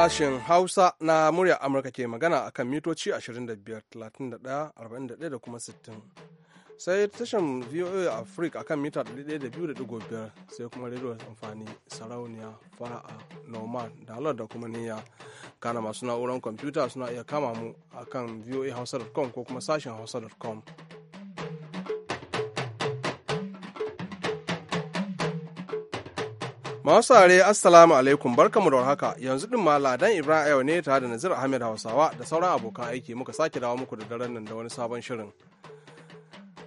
Sashen Hausa na murya Amurka ke magana a kan mitoci 25, 31, 41 da kuma 60. Sai tashan VOA Africa a kan mita 102.5 sai kuma rediyo amfani sarauniya fara'a norman halar da kuma niyya kana masu na'urar kwamfuta suna iya kama mu a kan voahausa.com ko kuma sashen hausa.com Masu assalamu alaikum barkamu da haka yanzu din ma ladan Ibrahim Ayo ne tare da Nazir Ahmed Hausawa da sauran abokan aiki muka sake dawo muku da daren nan da wani sabon shirin.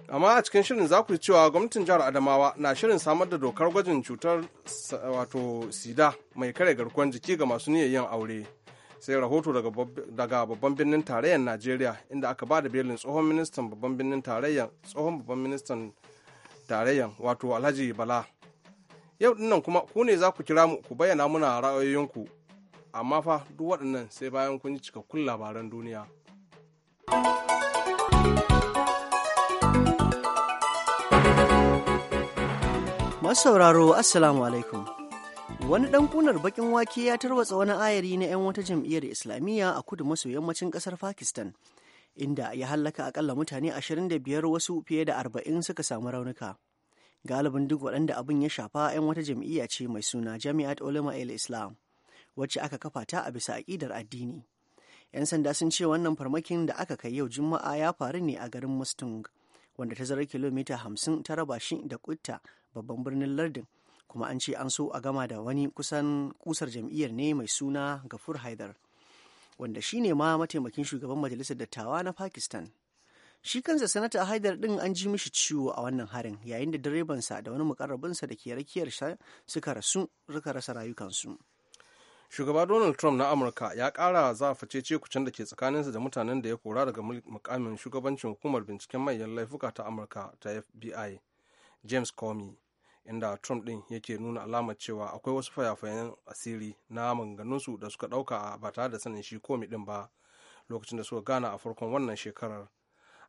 Amma a cikin shirin za ku ji cewa gwamnatin jihar Adamawa na shirin samar da dokar gwajin cutar wato sida mai kare garkuwar jiki ga masu niyyar yin aure. Sai rahoto daga babban birnin tarayyar Najeriya inda aka ba da belin tsohon ministan babban birnin tarayyar tsohon babban ministan tarayyar wato Alhaji Bala Yau dinnan kuma ku ne za ku kira mu ku bayyana muna ra'ayoyinku amma fa duk waɗannan sai bayan kun ji cikakkun labaran duniya. Masu sauraro Assalamu alaikum. Wani ɗan kunar bakin wake ya tarwatsa wani ayari na 'yan wata jam'iyyar Islamiyya a kudu maso yammacin ƙasar Pakistan, inda ya hallaka akalla mutane 25 wasu fiye da 40 suka samu raunuka. galibin duk waɗanda abin ya shafa 'yan wata jam'iyya ce mai suna jami'at ulama el islam wacce aka kafa ta a bisa aƙidar addini 'yan sanda sun ce wannan farmakin da aka kai yau juma'a ya faru ne a garin mustung wanda ta zarar kilomita hamsin ta raba shi da kutta babban birnin lardin kuma an ce an so a gama da wani kusan kusar jam'iyyar ne mai suna gafur haidar wanda shine ma mataimakin shugaban majalisar dattawa na pakistan Shi kansa sanata Haidar ɗin an ji mishi ciwo a wannan harin yayin da direbansa da wani mukarrabinsa da ke sa suka rasu suka rasa rayukansu. Shugaba Donald Trump na Amurka ya kara zafa cece kucin da ke tsakaninsa da mutanen da ya kora daga mukamin shugabancin hukumar binciken manyan laifuka ta Amurka ta FBI, James Comey, inda Trump din yake nuna alamar cewa akwai wasu fayafayen asiri na maganganunsu da suka ɗauka ba tare da sanin shi Comey din ba lokacin da suka gana a farkon wannan shekarar.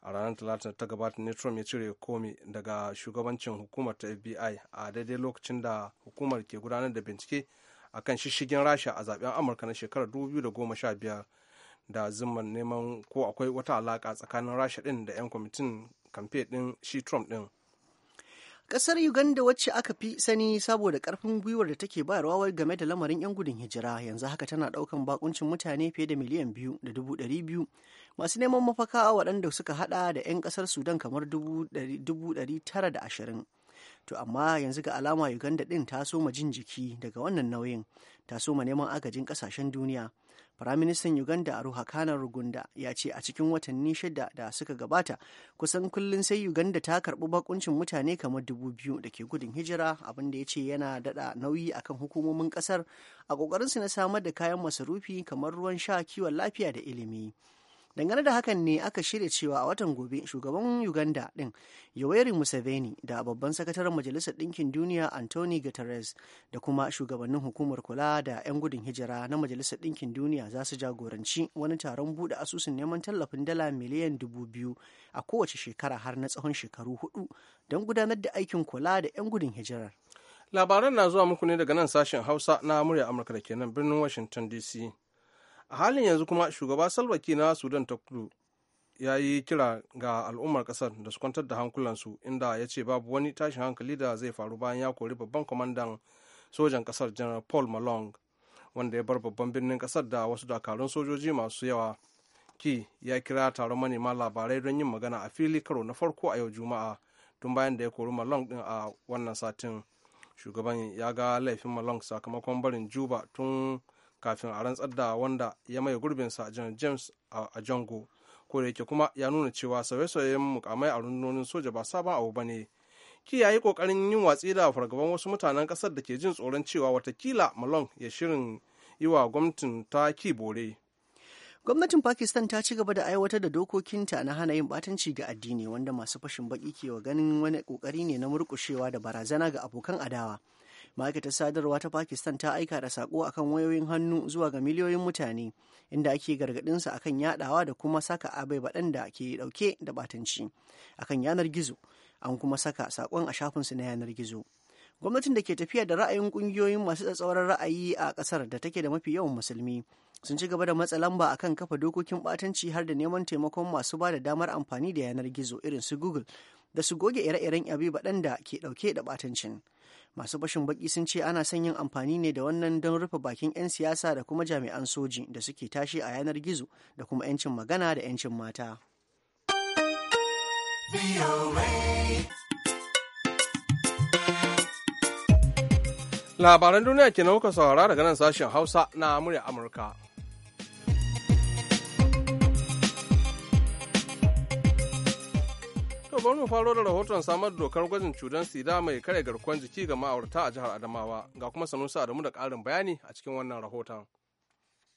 a ranar talatin ta gabata ne trump ya cire komi daga shugabancin hukumar ta fbi a daidai lokacin da hukumar ke gudanar da bincike a kan shishigin rasha a zaben amurka na shekarar 2015 da zimman neman ko akwai wata alaka tsakanin rasha din da 'yan kwamitin kamfe din shi trump din Ƙasar Uganda wacce aka fi sani saboda ƙarfin gwiwar da take bayarwa game da lamarin 'yan gudun hijira yanzu haka tana ɗaukan bakuncin mutane fiye da miliyan biyu da dubu ɗari biyu masu neman mafaka waɗanda suka haɗa da 'yan ƙasar Sudan kamar dubu ɗari tara da ashirin. To amma yanzu ga alama Uganda ɗin ta soma jin jiki daga wannan nauyin ta soma neman agajin ƙasashen duniya. Firaministan Uganda kana Rugunda ya ce a cikin watanni shida da suka gabata kusan kullum sai Uganda ta karɓi bakuncin mutane kamar dubu biyu da ke gudun hijira abin da ya ce yana dada nauyi akan hukumomin ƙasar a ƙoƙarinsu na samar da kayan masarufi kamar ruwan sha kiwon lafiya da ilimi. dangane da hakan ne aka shirya cewa a watan gobe shugaban uganda din yoweri museveni da babban sakataren majalisar ɗinkin duniya anthony guterres da kuma shugabannin hukumar kula da 'yan gudun hijira na majalisar ɗinkin duniya za su jagoranci wani taron buɗe asusun neman tallafin dala miliyan dubu biyu a kowace shekara har na tsawon shekaru hudu don gudanar da aikin kula da 'yan gudun hijirar labaran na zuwa muku ne daga nan sashen hausa na murya amurka da kenan birnin washington dc a halin yanzu kuma shugaba salwaki na sudan ta kudu ya yi kira ga al'ummar kasar da su kwantar da hankulansu inda ya ce babu wani tashin hankali da zai faru bayan ya kori babban kwamandan sojan kasar general paul malong wanda ya bar babban birnin kasar da wasu dakarun sojoji masu yawa ki ya kira taron manema labarai don yin magana a fili karo na farko a yau juma'a tun bayan da ya kori malong din a wannan satin shugaban ya ga laifin malong sakamakon barin juba tun kafin a rantsar da wanda ya maye gurbinsa janar james a jango ko da yake kuma ya nuna cewa sauye-sauyen mukamai a rundunonin soja ba sabon abu ba ne ki yayi kokarin yin watsi da fargaban wasu mutanen kasar da ke jin tsoron cewa watakila malong ya shirin yi wa gwamnatin ta ki bore gwamnatin pakistan ta ci gaba da aiwatar da dokokinta na hana yin batanci ga addini wanda masu fashin baki ke wa ganin wani kokari ne na murkushewa da barazana ga abokan adawa ma'aikatar sadarwa ta pakistan ta aika da sako akan wayoyin hannu zuwa ga miliyoyin mutane inda ake gargadinsa akan yadawa da kuma saka abai baɗan da ke ɗauke da batanci akan yanar gizo an kuma saka sakon a shafinsu na yanar gizo gwamnatin da ke tafiya da ra'ayin kungiyoyin masu tsatsauran ra'ayi a ƙasar da take da mafi yawan musulmi sun ci gaba da matsa lamba akan kafa dokokin batanci har da neman taimakon masu ba da damar amfani da yanar gizo irin su google da su goge ire-iren abi baɗan da ke ɗauke da batancin masu bashin baki sun ce ana son yin amfani ne da wannan don rufe bakin 'yan siyasa da kuma jami'an soji da suke tashi a yanar gizo da kuma 'yancin magana da 'yancin mata. Labaran duniya ke kuka saurara daga nan sashen Hausa na murya Amurka. To bari mu faro da rahoton samar da dokar gwajin cutar sida mai kare garkuwar jiki ga ma'aurata a jihar Adamawa ga kuma sanusa da mu da ƙarin bayani a cikin wannan rahoton.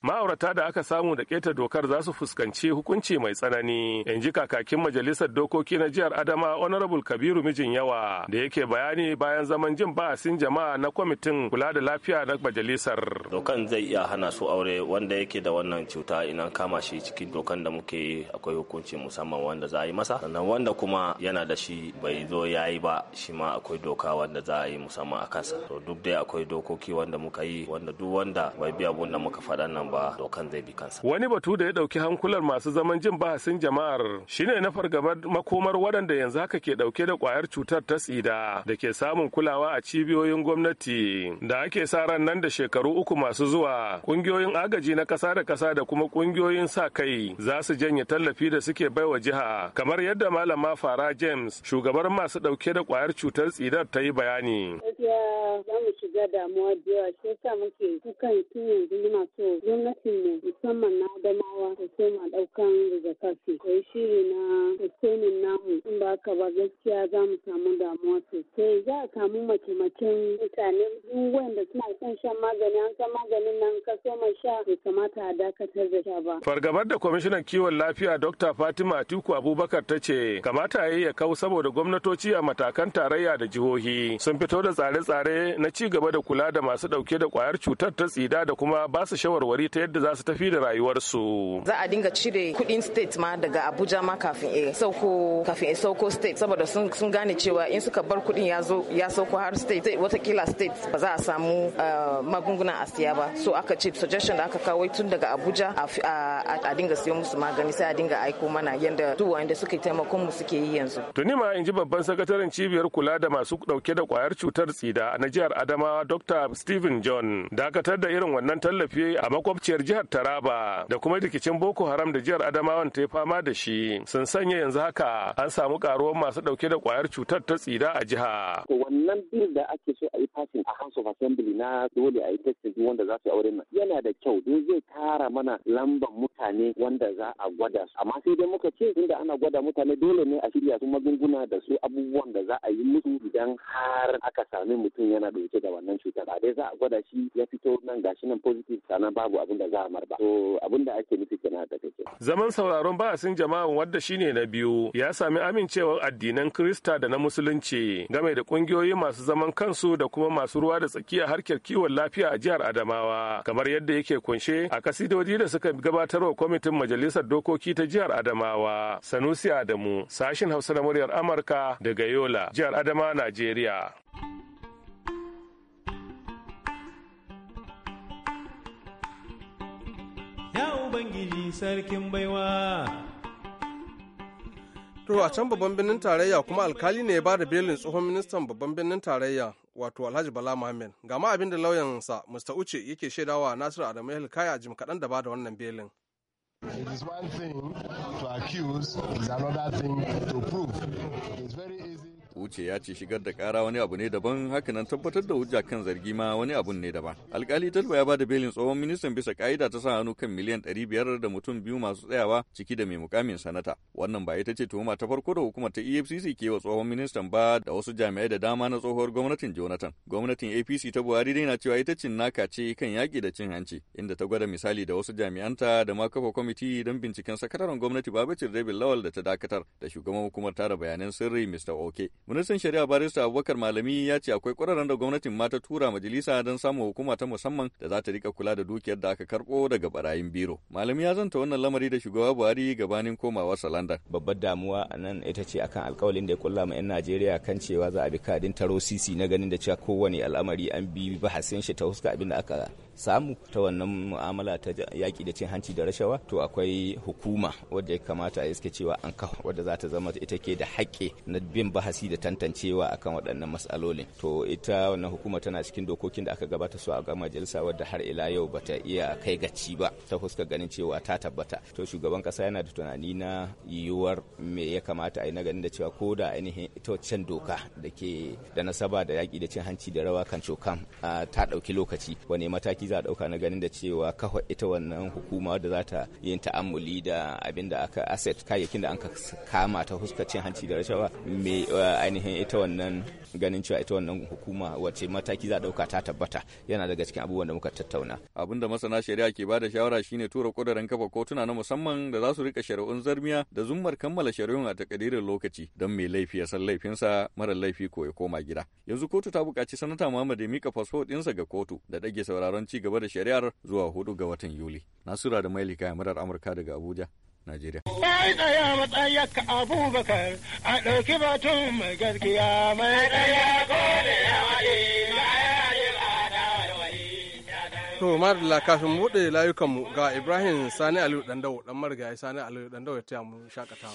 ma'aurata da aka samu da keta dokar za su fuskanci hukunci mai tsanani in ji kakakin majalisar dokoki na jihar adama honorable kabiru mijin yawa da yake bayani bayan zaman jin ba'asin jama'a na kwamitin kula da lafiya na majalisar dokan zai iya hana su aure wanda yake da wannan cuta ina kama shi cikin dokan da muke yi akwai hukunci musamman wanda za a yi masa sannan wanda kuma yana da shi bai zo ya yi ba shi ma akwai doka wanda za a yi musamman a kansa to duk dai akwai dokoki wanda muka yi wanda duk wanda bai bi abun muka faɗa nan ba dokan zai bi kansa wani batu da ya dauki hankular masu zaman jin bahasin jama'ar shine na fargabar makomar waɗanda yanzu haka ke dauke da kwayar cutar ta tsida da ke samun kulawa a cibiyoyin gwamnati da ake sa ran nan da shekaru uku masu zuwa ƙungiyoyin agaji na ƙasa da ƙasa da kuma ƙungiyoyin sa kai za su janye tallafi da suke baiwa jiha kamar yadda malama fara james shugabar masu dauke da kwayar cutar tsidar ta yi bayani gaskiya za mu shiga damuwa da yawa shi yasa muke kukan tun yanzu muna so gwamnatin mu musamman na adamawa ta koma daukan rigakafi da shiri na tsanin namu in ba haka ba gaskiya za mu samu damuwa sosai za a samu mace-macen mutane duk wanda suna son shan magani an san maganin nan ka so mai sha bai kamata a dakatar da ta ba. fargabar da kwamishinan kiwon lafiya dr fatima atiku abubakar ta ce kamata ya yi ya kawo saboda gwamnatoci a matakan tarayya da jihohi sun fito da tsari tsare-tsare na ci gaba da kula da masu dauke da kwayar cutar ta tsida da kuma ba su shawarwari ta yadda za su tafi da rayuwarsu. Za a dinga cire kudin state ma daga Abuja ma kafin a sauko kafin a sauko state saboda sun gane cewa in suka bar kudin ya zo ya sauko har state watakila state ba za a samu eh, magungunan siya ba. So aka ce suggestion da aka kawo tun daga Abuja a dinga siyo musu magani sai a dinga aiko mana yadda duk wanda suke taimakon mu suke yi yanzu. Tuni ma in ji babban sakataren cibiyar kula da masu dauke da kwayar cutar sida na jihar adamawa dr stephen john dakatar da irin wannan tallafi a makwabciyar jihar taraba da kuma rikicin boko haram da jihar adamawan ta fama da shi sun sanya yanzu haka an samu karuwar masu dauke da kwayar cutar ta tsida a jiha wannan bil da ake so a yi fasin a house of assembly na dole a yi tattaki wanda za su aure na yana da kyau don zai kara mana lambar mutane wanda za a gwada su amma sai dai muka ce inda ana gwada mutane dole ne a shirya su magunguna da su abubuwan da za a yi musu idan har aka samu. sami mutum yana dauke da wannan cutar a dai za a gwada shi ya fito nan gashi nan positive sannan babu abin da za a marba to abin da ake nufi kenan da kake zaman sauraron ba'asin jama'an wadda shine na biyu ya sami amincewar addinan Kirista da na Musulunci game da kungiyoyi masu zaman kansu da kuma masu ruwa da tsakiya harkar kiwon lafiya a jihar Adamawa kamar yadda yake kunshe a kasidodi da suka gabatar wa kwamitin majalisar dokoki ta jihar Adamawa Sanusi Adamu sashin Hausa na muryar Amurka daga Yola jihar Adama Najeriya. sarkin baiwa. To a can babban birnin tarayya kuma alkali ne ya ba da belin tsohon ministan babban birnin tarayya wato Alhaji Bala Muhammad. Ga ma abin da lauyansa Mr. Uche yake shaidawa Nasiru Adamu a jim kaɗan da ba da wannan belin. It to accuse, is wuce ya ce shigar da kara wani abu ne daban haka nan tabbatar da hujja kan zargi ma wani abu ne daban alkali talba ya bada belin tsohon ministan bisa ka'ida ta sa hannu kan miliyan ɗari biyar da mutum biyu masu tsayawa ciki da mai mukamin sanata wannan ba ita ce tuhuma ta farko da hukumar ta efcc ke wa tsohon ministan ba da wasu jami'ai da dama na tsohuwar gwamnatin jonathan gwamnatin apc ta buhari dai na cewa ita cin naka ce kan yaƙi da cin hanci inda ta gwada misali da wasu jami'anta da ma kafa kwamiti don binciken sakataren gwamnati babacin rabin lawal da ta dakatar da shugaban hukumar tara bayanan sirri mr oke Ministan Shari'a Barista Abubakar Malami ya ce akwai ƙwararren da gwamnatin ma tura majalisa don samun hukuma ta musamman da za ta rika kula da dukiyar da aka karɓo daga barayin biro. Malami ya zanta wannan lamari da shugaba Buhari gabanin komawa London. Babbar damuwa a nan ita ce akan alkawalin da ya kulla ma 'yan Najeriya kan cewa za a bi kadin taro sisi na ganin da cewa kowane al'amari an bi bahasin shi ta huska abin da aka samu ta wannan mu'amala ta yaƙi da cin hanci da rashawa to akwai hukuma wadda ya kamata a iske cewa an kawo wadda za ta zama ita ke da haƙƙi na bin bahasi da tantancewa akan waɗannan matsalolin to ita wannan hukuma tana cikin dokokin da aka gabata su a ga majalisa wadda har ila yau bata iya kai gaci ba ta fuska ganin cewa ta tabbata to shugaban kasa yana da tunani na yiwuwar me ya kamata a yi na ganin da cewa ko da ainihin ita waccan doka da ke da nasaba da yaƙi da cin hanci da rawa kan cokan ta ɗauki lokaci wani mataki za a ɗauka na ganin da cewa kawai ita wannan hukuma da za ta yin ta'amuli da abin da aka asset kayayyakin da an ka kama ta huskar cin hanci da rashawa mai uh, ainihin ita wannan ganin cewa ita wannan hukuma wace mataki za a ɗauka ta tabbata yana daga cikin abubuwan da muka tattauna. abinda da masana shari'a ke bada shawara shine tura kwadaran kafa kotuna na musamman da za su rika shari'un zarmiya da zummar kammala shari'un a takadirin lokaci don mai laifi ya san laifinsa mara laifi ko ya koma gida. Yanzu kotu ta buƙaci sanata Muhammad ya mika fasfo ɗinsa ga kotu da ɗage sauraron ci ci gaba da shari'ar zuwa hudu ga watan Yuli. Nasura da Mailika ya murar Amurka daga Abuja, Najeriya. Ai tsaya matsayaka Abubakar a ɗauki batun mai gaskiya mai tsaya ko da yawa To kafin buɗe layukanmu ga Ibrahim Sani Aliyu Dandawo dan marigayi Sani Aliyu Dandawo ya taya mu shakatawa.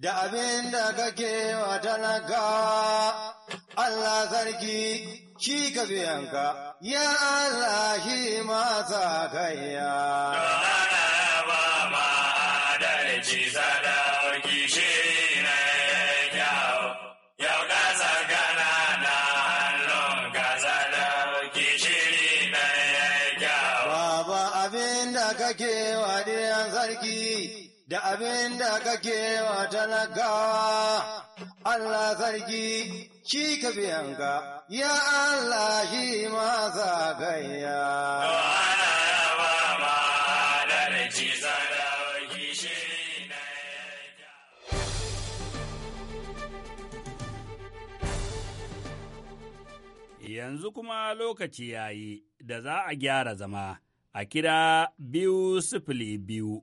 da abin da kake wa talaka, Allah sarki shi ka biyanka, ya Allah shi masa kayya. da abin da kake wa talakawa, Allah sarki shi ka biyanka, ya Allah shi ma masa gayya. Yanzu kuma lokaci ya yi da za a gyara zama a kira biyu sifili biyu.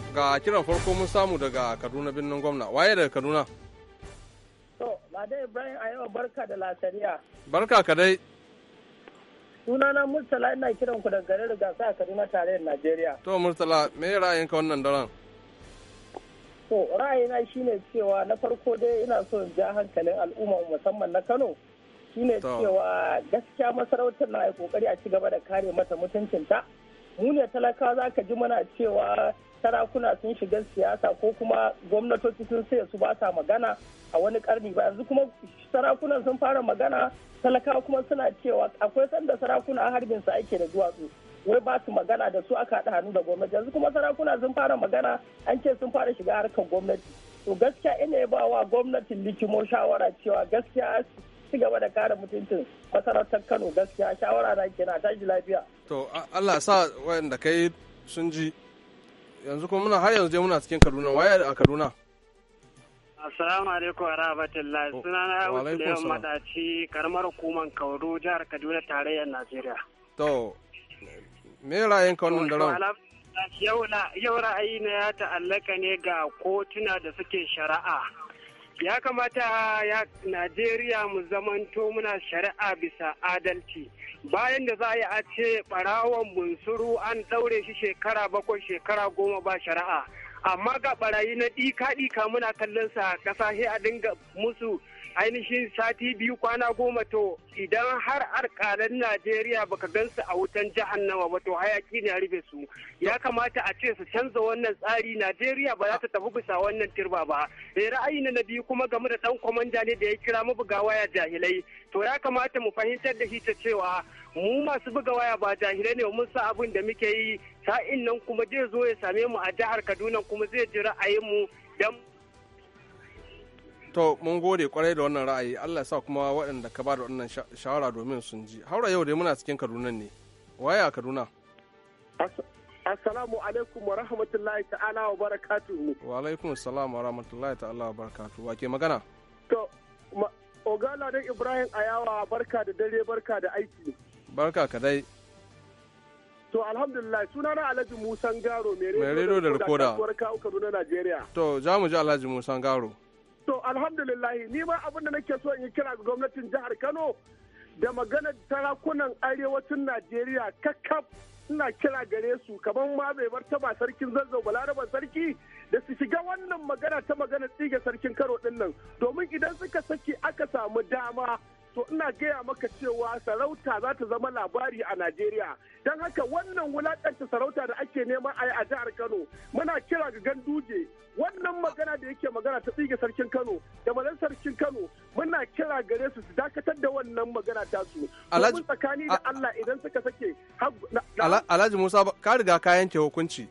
ga kiran farko mun samu daga kaduna birnin gwamna waye daga kaduna to lade ibrahim a yau barka da lasariya barka ka dai sunana murtala ina kiran ku daga garin gasa a kaduna tarayyar najeriya to murtala me ka wannan daren to ra'ayina shine cewa na farko dai ina so in ja hankalin al'umma musamman na kano shine cewa gaskiya masarautar na yi kokari a ci gaba da kare mata mutuncinta mu ne talaka za ka ji mana cewa sarakuna sun shiga siyasa ko kuma gwamnatoci sun sai su basa magana a wani karni ba yanzu kuma sarakuna sun fara magana talakawa kuma suna cewa akwai sanda sarakuna harbin su ake da duwatsu wai ba su magana da su aka haɗa hannu da gwamnati yanzu kuma sarakuna sun fara magana an ce sun fara shiga harkar gwamnati to gaskiya ina ba wa gwamnatin likimo shawara cewa gaskiya ci gaba da kare mutuncin masarautar kano gaskiya shawara na kenan tashi lafiya to allah sa wayanda kai sun ji yanzu kuma muna har yanzu muna cikin Kaduna waye a Kaduna Assalamu alaikum wa rahmatullahi oh, sunana Hawus Madaci karamar hukumar kaudu jihar Kaduna tarayyar Najeriya To me ra'ayin ka wannan daren Yau ra'ayi na ya ta'allaka ne ga kotuna da suke shari'a ya kamata ya najeriya mu zamanto muna shari'a bisa adalci bayan da za a yi a ce ɓarawon bunsuru an ɗaure shi shekara bakwai shekara goma ba shari'a amma ga barayi na ɗika-ɗika muna kallonsa sa ƙasa sai a dinga musu ainihin sati biyu kwana goma to idan har alkalan najeriya baka gansu a wutan jihar ba to hayaki ne rufe su ya kamata a ce su canza wannan tsari najeriya ba za ta tafi bisa wannan turba ba eh ra'ayi na na biyu kuma game da dan kwamanda ne da ya kira mu buga waya jahilai to ya kamata mu fahimtar da shi ta cewa mu masu buga waya ba jahilai ne mun sa abin da muke yi sa'in nan kuma zai zo ya same mu a jihar kaduna kuma zai ji ra'ayin mu dan To mun gode kwarai da wannan ra'ayi Allah sa kuma waɗanda ka ba da wannan shawara domin sun ji. Haura yau dai muna cikin Kaduna ne. Waye a Kaduna? Assalamu alaikum wa rahmatullahi ta'ala wa barakatu. Wa alaikum assalamu wa rahmatullahi ta'ala wa barakatu. Wa ke magana? To Ogala dan Ibrahim Ayawa barka da dare barka da aiki. Barka ka dai. To alhamdulillah sunana Alhaji Musan Garo mai rediyo da rikoda. Kasuwar kawo Kaduna Najeriya. To za mu ji Alhaji Musan Garo. To alhamdulillahi ni ma abin da nake so in yi kira ga gwamnatin jihar Kano da maganar sarakunan arewacin Najeriya kakkaf suna kira gare su kamar ma bai martaba sarkin zazzau balaraba sarki da su shiga wannan magana ta magana tsige sarkin karo din domin idan suka saki aka samu dama to ina gaya maka cewa sarauta za ta zama labari a Najeriya. Don haka wannan wulaƙanta sarauta da ake nema a yi a jihar Kano, muna kira ga ganduje wannan magana da yake magana ta tsige sarkin Kano da madan sarkin Kano muna kira gare su su dakatar da wannan magana ta su. Alhaji tsakani da Allah idan suka sake. Alhaji Musa ka riga ka yanke hukunci.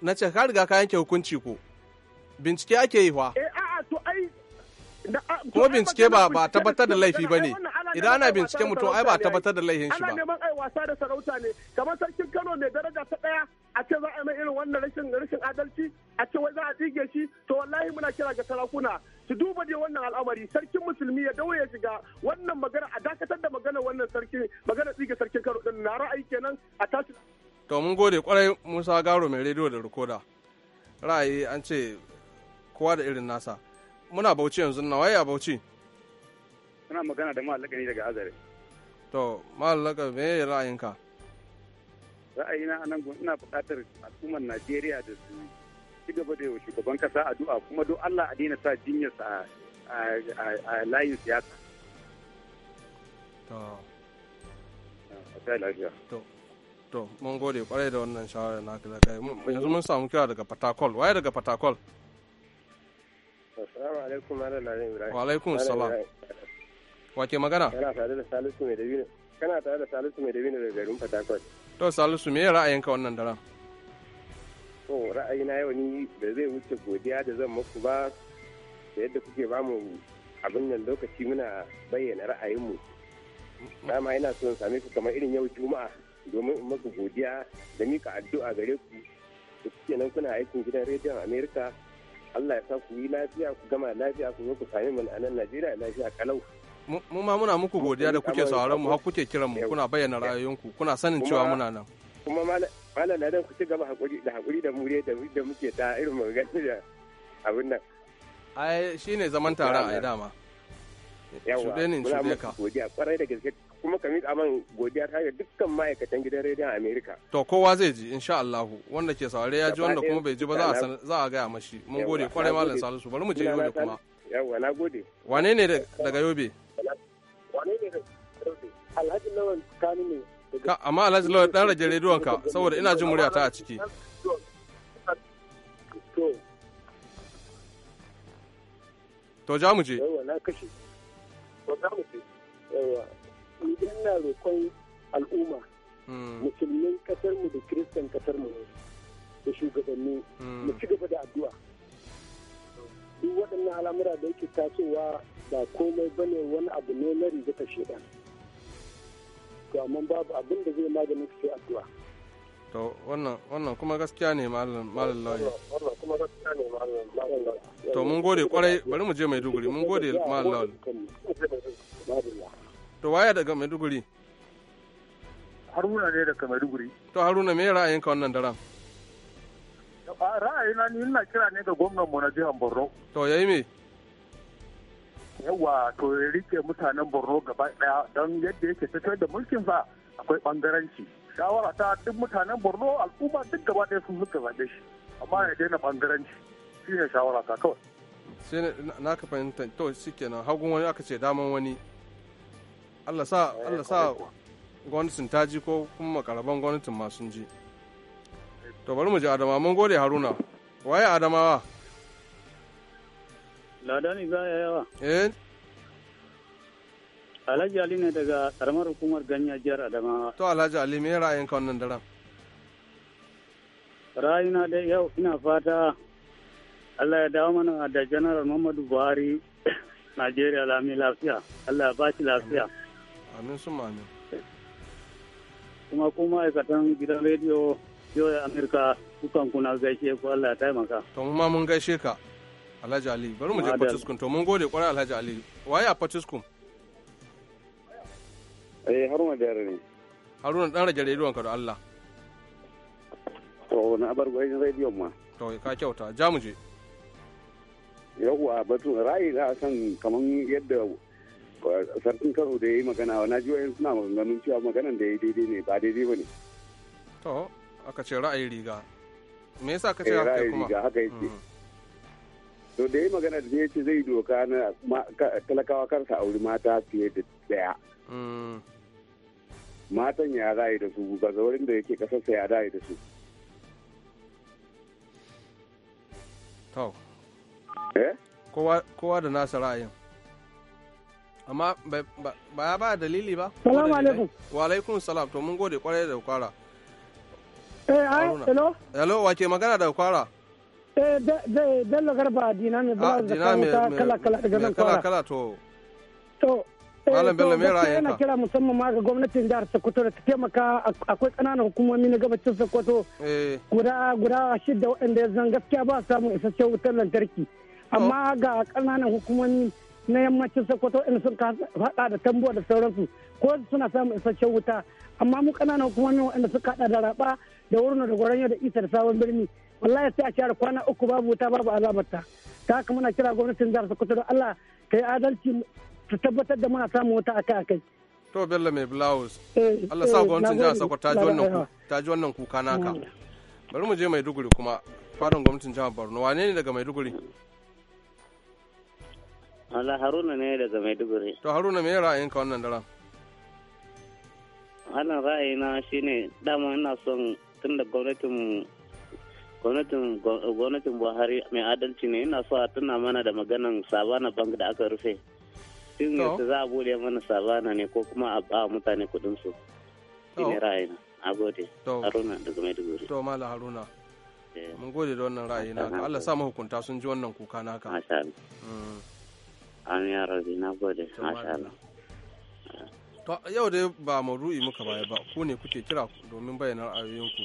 Na ce ka riga ka yanke hukunci ko. Bincike ake yi wa. Eh Ko bincike ba ba tabbatar da laifi ba ne. Idan ana bincike mutum ai ba tabbatar da laifin shi ba. Ana neman ai wasa da sarauta ne. Kamar sarkin Kano mai daraja ta daya a ce za a mai irin wannan rashin rashin adalci a ce wai za a dige shi to wallahi muna kira ga sarakuna su duba je wannan al'amari sarkin musulmi ya dawo ya shiga wannan magana a dakatar da magana wannan sarkin magana dige sarkin Kano din na ra'ayi kenan a tashi. To mun gode kwarai Musa Garo mai rediyo da rikoda. Ra'ayi an ce kowa da irin nasa. muna bauchi yanzu na waye bauchi muna magana da mallaka ne daga azare to mallaka me ra'ayinka ra'ayina nan gun ina buƙatar al'ummar Najeriya da su ci gaba da yau shugaban kasa addu'a kuma don Allah a daina sa jinyarsa a layin siyasa to to mun gode kwarai da wannan shawarar na kai yanzu mun samu kira daga patakol waye daga patakol Assalamu alaikum wa Wa alaikum Wake magana? Kana tare da Salisu mai dabino. Kana da Salisu mai dabino daga garin Fatakwal. To Salisu me ra'ayinka wannan daren? To ra'ayina yau ni da zai wuce godiya da zan muku ba da yadda kuke ba mu abin nan lokaci muna bayyana ra'ayinmu. Dama yana son same ku kamar irin yau Juma'a domin in muku godiya da mika addu'a gare ku. Da kuke nan kuna aikin gidan rediyon Amerika Allah ya sa ku yi lafiya ku gama lafiya ku zo ku sami mu a nan Najeriya lafiya kalau. Mu ma muna muku godiya da kuke sauraron mu har kuke kiran mu kuna bayyana ra'ayoyinku kuna sanin cewa muna nan. Kuma malam na dan ku ci gaba hakuri da hakuri da mure da muke ta irin mu magana da abin nan. Ai shine zaman tare a dama. Yawa. Shudenin shudeka. Godiya kwarai da gaske kuma ka miƙa man godiya ta ga dukkan ma'aikatan gidan rediyon Amerika. To kowa zai ji insha Allah wanda ke saurare ya ji wanda kuma bai ji ba za a gaya mashi. Mun gode kwarai malam Salisu bari mu je Yobe kuma. Yawwa na gode. Wane ne daga Yobe? Wane ne Alhaji Lawan Kani ne. Ka amma Alhaji Lawan dan rage rediyon ka saboda ina jin murya ta a ciki. To ja mu je. Yawwa na kashe. Yawwa. ina roƙon al'umma hmm. musulmin kasar mu da kiristan kasar mu da shugabanni hmm. mu ci gaba da addu'a duk waɗannan al'amura da yake tasowa ba komai bane wani abu ne na riga ta shaidan to amma babu abin da zai maganin sai addu'a to wannan wannan kuma gaskiya ne malam malam lawyer wannan kuma gaskiya ne malam lawyer to mun gode kwarai bari mu je duguri mun gode malam lawyer To waya daga Maiduguri? Haruna ne daga Maiduguri. To Haruna me ra'ayinka wannan daren? Ra'ayina ni ina kira ne ga gwamnan mu na jihar Borno. To yayi me? Yawa to ya rike mutanen Borno gaba daya don yadda yake tafiyar da mulkin sa akwai bangaranci. Shawara ta duk mutanen Borno al'umma duk gaba daya sun suka zaɓe shi. Amma ya daina bangaranci. Shi ne shawara ta kawai. Sai na ka fahimta to shikenan hagun wani aka ce daman wani. Allah sa Allah sa gwamnatin ta ji ko kuma makaraban gwamnatin ma sun ji to bari mu ji Adama, mun gode haruna waye adamawa ladani za ya yawa eh alhaji ali ne daga karamar hukumar ganya jihar adamawa to alhaji ali me ra'ayinka wannan daren ra'ayina da yau ina fata allah ya dawo mana da janar muhammadu buhari najeriya lami lafiya allah ya ba shi lafiya amin su amin kuma kuma aikatan gidan rediyo yoyi amurka kukan kuna gaishe ku allah ya taimaka to kuma ma mun gaishe ka alhaji ali bari mu je patiskum to mun gode kwarai alhaji ali waye a patiskum eh haruna da ne haruna dan rage rediyon ka da allah to na bar gwajin rediyon ma to ka kyauta ja mu je yawwa batun ra'ayi za a san kaman yadda sarkin kan da ya yi magana na ji suna maganganun cewa maganan da ya yi daidai ne ba daidai ba ne. To, aka ce ra'ayi riga. Me yasa ka ce eh, haka kuma? Ra'ayi riga haka yake. Mm. To da ya yi magana da ya ce zai doka na talakawa karsa auri mata fiye da daya. Mm. Matan ya ra'ayi da su, ga zaurin da yake kasarsa ya ra'ayi da su. To. Eh? Kowa da nasa ra'ayin. amma ba ya ba dalili ba salamu alaikum wa alaikum salam to mun gode kwarai da kwara eh ai hello hello wace magana da kwara eh bello garba dina mai ba ah, da kala kala daga nan kala kala to to eh, Malam Bello me ra'ayinka? Yana kira musamman ma ga gwamnatin jihar Sokoto da ta maka akwai kananan hukumomi na gabacin Sokoto eh. guda guda shida waɗanda zan gaskiya ba samu isasshen wutar lantarki. Amma ga kananan hukumomi na yammacin sokoto in sun faɗa da tambuwa da sauransu ko suna samun isasshen wuta amma mu kuma hukumomi waɗanda suka haɗa da raba da wurin da goron da isa da sabon birni wallahi sai a share kwana uku babu wuta babu al'amarta ta haka muna kira gwamnatin jihar sokoto da allah ka yi adalci ta tabbatar da muna samun wuta akai akai to bello mai blouse eh, allah sa eh, gwamnatin jihar sokoto ta ji wannan kuka naka bari mu je maiduguri kuma fadan gwamnatin jihar borno wane ne daga maiduguri Allah Haruna ne daga Maiduguri. To Haruna me ra'ayinka wannan daren? Wannan ra'ayina shine dama ina son tun da gwamnatin gwamnatin gwamnatin Buhari mai adalci ne ina so a tuna mana da maganan Sabana Bank da aka rufe. Shin yadda za a bude mana Sabana ne ko kuma a ba mutane kuɗin su. Shine ra'ayina. A gode. Haruna daga Maiduguri. To Malam Haruna. Eh. Mun gode da wannan ra'ayi naka. Allah sa mahukunta sun ji wannan kuka naka. Masha Allah. Mm. Amin ya rabi na gode. Masha Allah. yau dai ba maudu'i muka baya ba ku ne kuke kira domin bayyana ra'ayoyinku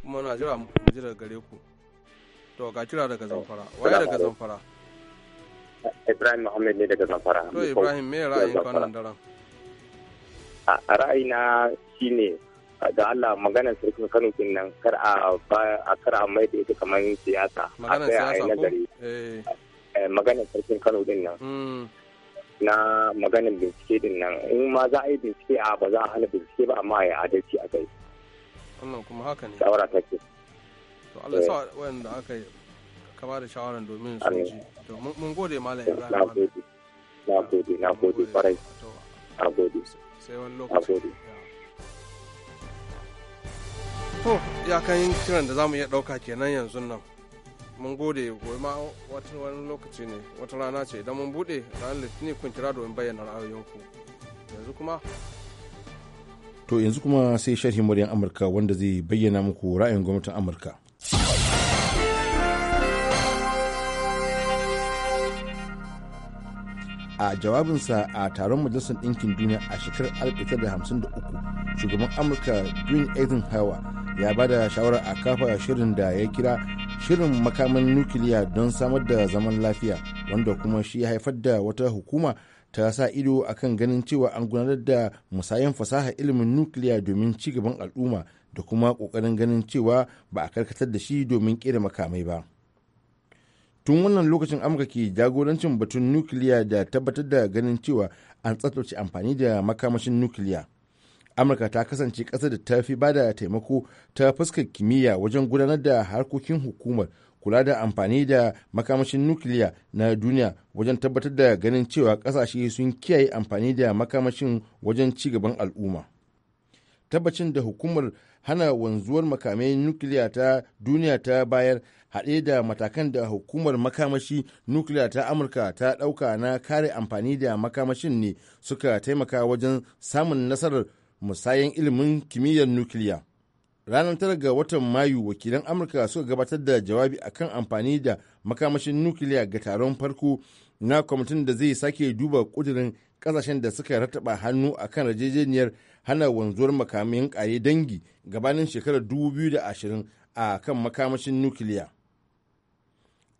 kuma na jira mu ji daga gare ku to ga kira daga zamfara waye daga zamfara ibrahim muhammad ne daga zamfara to ibrahim me ra'ayin ka nan daren a ra'ayina shine da Allah maganar sarkin Kano kin nan kar a kar a mai da ita kamar siyasa Maganar siyasa ko? yi Eh, maganar sarkin kano din nan hmm. na maganar bincike din nan in ma za a yi bincike a ba za a hana bincike ba amma ya adalci a kai wannan kuma haka ne shawara ta ce to Allah sa eh. wanda aka ka ba da shawaran domin su ji to mun gode malam Ibrahim na gode na gode farai na gode sai wani lokaci na to ya kan kiran da zamu iya dauka kenan yanzu nan mun gode gobe ma wani lokaci ne wata rana ce idan mun bude ranar litinin kun kira domin bayyana ra'ayoyinku yanzu kuma to yanzu kuma sai sharhin muryan amurka wanda zai bayyana muku ra'ayin gwamnatin amurka a jawabinsa a taron majalisar ɗinkin duniya a shekarar 1953 shugaban amurka green eisenhower ya ba da shawara a kafa shirin da ya kira shirin makaman nukiliya don samar da zaman lafiya wanda kuma shi haifar da wata hukuma ta sa ido akan ganin cewa an gudanar da musayan fasaha ilimin nukiliya domin ci gaban al'umma da kuma kokarin ganin cewa ba a karkatar da shi domin kera makamai ba tun wannan lokacin amurka ke jagorancin batun nukiliya da tabbatar da ganin cewa an tsatace amfani da makamashin nukiliya amurka ta kasance ƙasar da ta fi ba da taimako ta fuskar kimiyya wajen gudanar da harkokin hukumar kula da amfani da makamashin nukiliya na duniya wajen tabbatar da ganin cewa ƙasashe sun kiyaye amfani da makamashin wajen ci gaban al'umma tabbacin da hukumar hana wanzuwar makamai nukiliya ta duniya ta bayar haɗe da matakan da hukumar makamashi nukiliya ta amurka ta ɗauka na kare amfani da makamashin ne suka taimaka wajen samun nasarar musayen ilimin kimiyyar nukiliya ranar tara ga watan mayu wakilan amurka suka gabatar da jawabi akan amfani da makamashin nukiliya ga taron farko na kwamitin da zai sake duba kudirin kasashen da suka rataba hannu akan rajejeniyar hana wanzuwar makamin kare dangi gabanin shekarar 2020 a kan makamashin nukiliya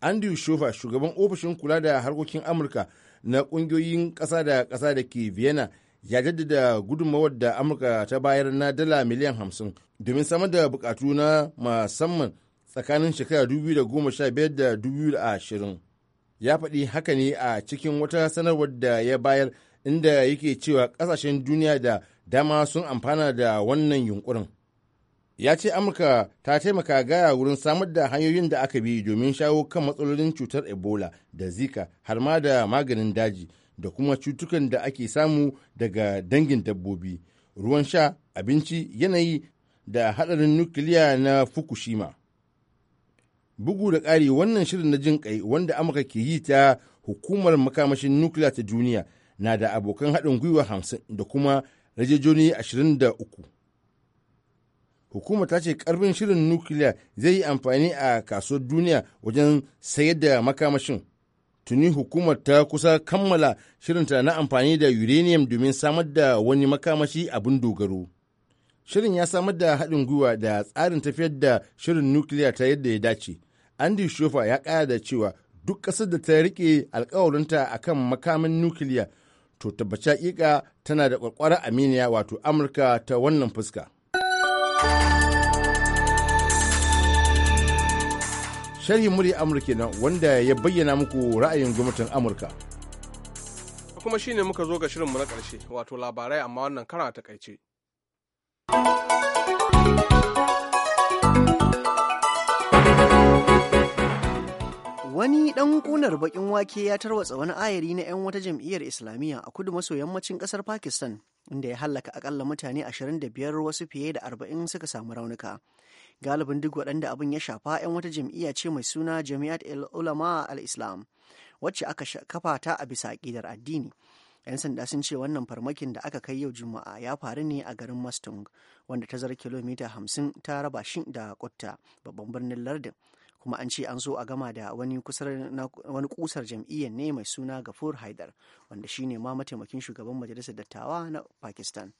andrew shofa shugaban ofishin kula da harkokin amurka na kungiyoyin kasa da kasa da ke vienna ya jaddada gudunmawar da amurka ta bayar na dala miliyan hamsin domin samar da bukatu na musamman tsakanin shekara 2015 da 2020 ya faɗi haka ne a cikin wata sanarwar da ya bayar inda yake cewa ƙasashen duniya da dama sun amfana da wannan yunkurin ya ce amurka ta taimaka gaya wurin samar da hanyoyin da aka bi domin shawo kan matsalolin cutar ebola da zika har ma da maganin daji da kuma cutukan da ake samu daga dangin dabbobi ruwan sha abinci yanayi da hadarin nukiliya na fukushima bugu da ƙari wannan shirin na jin kai wanda amurka ke yi ta hukumar makamashin nukiliya ta duniya na da abokan haɗin gwiwa hamsin da kuma rajejoni ashirin da uku. hukuma ta ce karfin shirin nukiliya zai yi amfani a kasuwar duniya wajen sayar da makamashin tuni hukumar ta kusa kammala shirinta na amfani da uranium domin samar da wani makamashi abin dogaro. Shirin ya samar da haɗin gwiwa da tsarin tafiyar da shirin nukiliya ta yadda ya dace. Andy Shofa ya ƙara da cewa duk ƙasar da ta riƙe alkawarinta kan makamin nukiliya to tabbaci haƙiƙa tana da ƙwarƙwarar aminiya wato Amurka ta wannan fuska. sharhin murya amurka na wanda ya bayyana muku ra'ayin gwamnatin amurka kuma shine muka zo ga shirinmu na ƙarshe wato labarai amma wannan kara kaice. wani ɗan ƙunar baƙin wake ya tarwatsa wani ayari na 'yan wata jam'iyyar islamiyya a kudu maso yammacin ƙasar pakistan inda ya hallaka akalla mutane 25 wasu fiye da 40 suka samu raunuka galibin duk waɗanda abin ya shafa 'yan wata jam'iyya ce mai suna jami'at ulama al-islam wacce aka kafa ta a bisa aƙidar addini 'yan sanda sun ce wannan farmakin da aka kai yau juma'a ya faru ne a garin mastung wanda ta zara kilomita 50 ta raba shi da kutta babban birnin lardin kuma an ce an zo a gama da wani kusar jam'iyyar ne mai suna gafur haidar wanda shine ma mataimakin shugaban majalisar dattawa na pakistan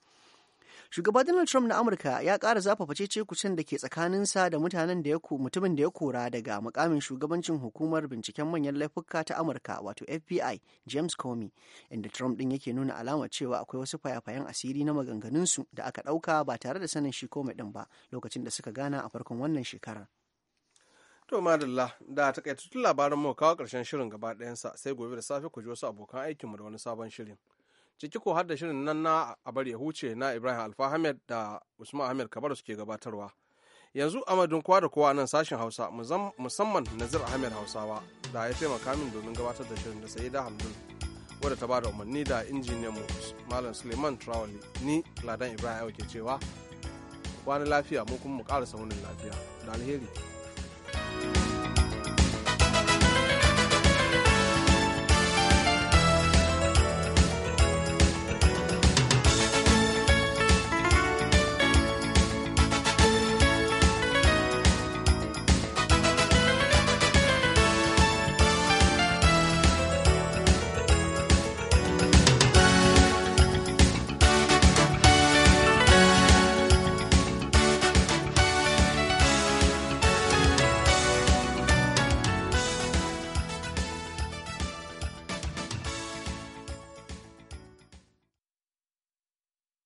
Shugaba Donald Trump na Amurka ya ƙara zafafa cece da ke tsakaninsa da mutanen da ya mutumin da ya kora daga mukamin shugabancin hukumar binciken manyan laifuka ta Amurka wato FBI James Comey inda Trump din yake nuna alamar cewa akwai wasu fayafayan asiri na maganganunsu da aka ɗauka ba tare da sanin shi Comey din ba lokacin da suka gana a farkon wannan shekarar. To madalla da takaitattun labaran mu kawo ƙarshen shirin gaba ɗayansa sai gobe da safe ku ji wasu abokan aikinmu da wani sabon shirin. ciki ko har da shirin nan na a bari ya huce na ibrahim alfahamed da usman ahmed kabar suke gabatarwa yanzu a kowa da kowa nan sashen hausa musamman nazir ahmed hausawa da ya taimaka min domin gabatar da shirin da sai da hamdul wadda ta bada umarni da injiniyan mu malam suleiman trawali ni ladan ibrahim ke cewa kwanan lafiya mu kuma mu ƙara saunin lafiya da alheri